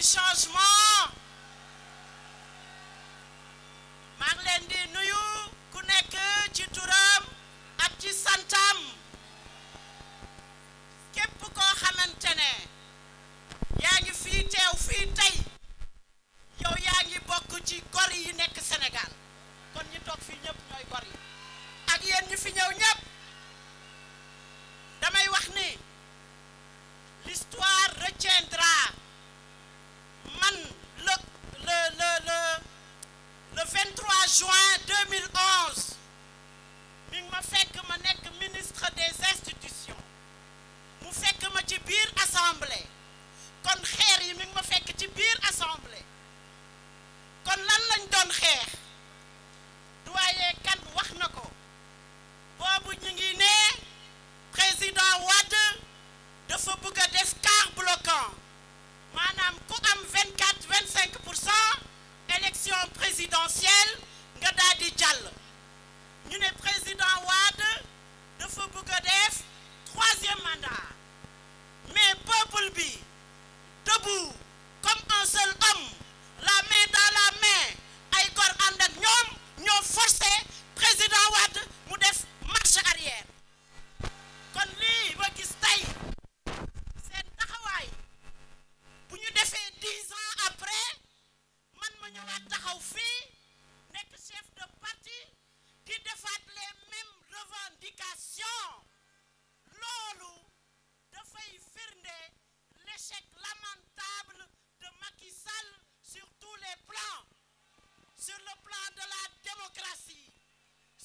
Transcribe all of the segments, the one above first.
du changement maa ngi leen di nuyu ku nekk ci turam ak ci santam képp koo xamante ne yaa ngi fii teew fii tey yow yaa ngi bokk ci gor yi nekk Sénégal kon ñi toog fii ñëpp ñooy gor yi ak yéen ñi fi ñëw ñëpp damay wax ni l'histoire retient juin 2011 mi ngi ma fekk ma nekk ministre des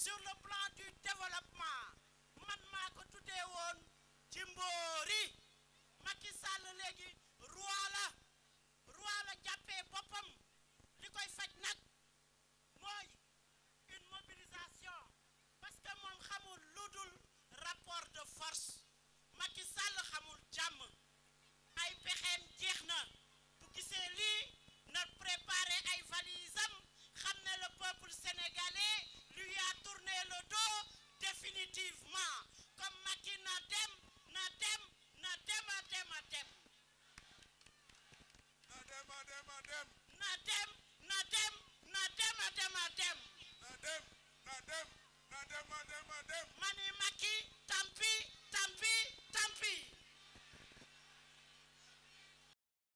sur le plan du développement man maa ko tuddee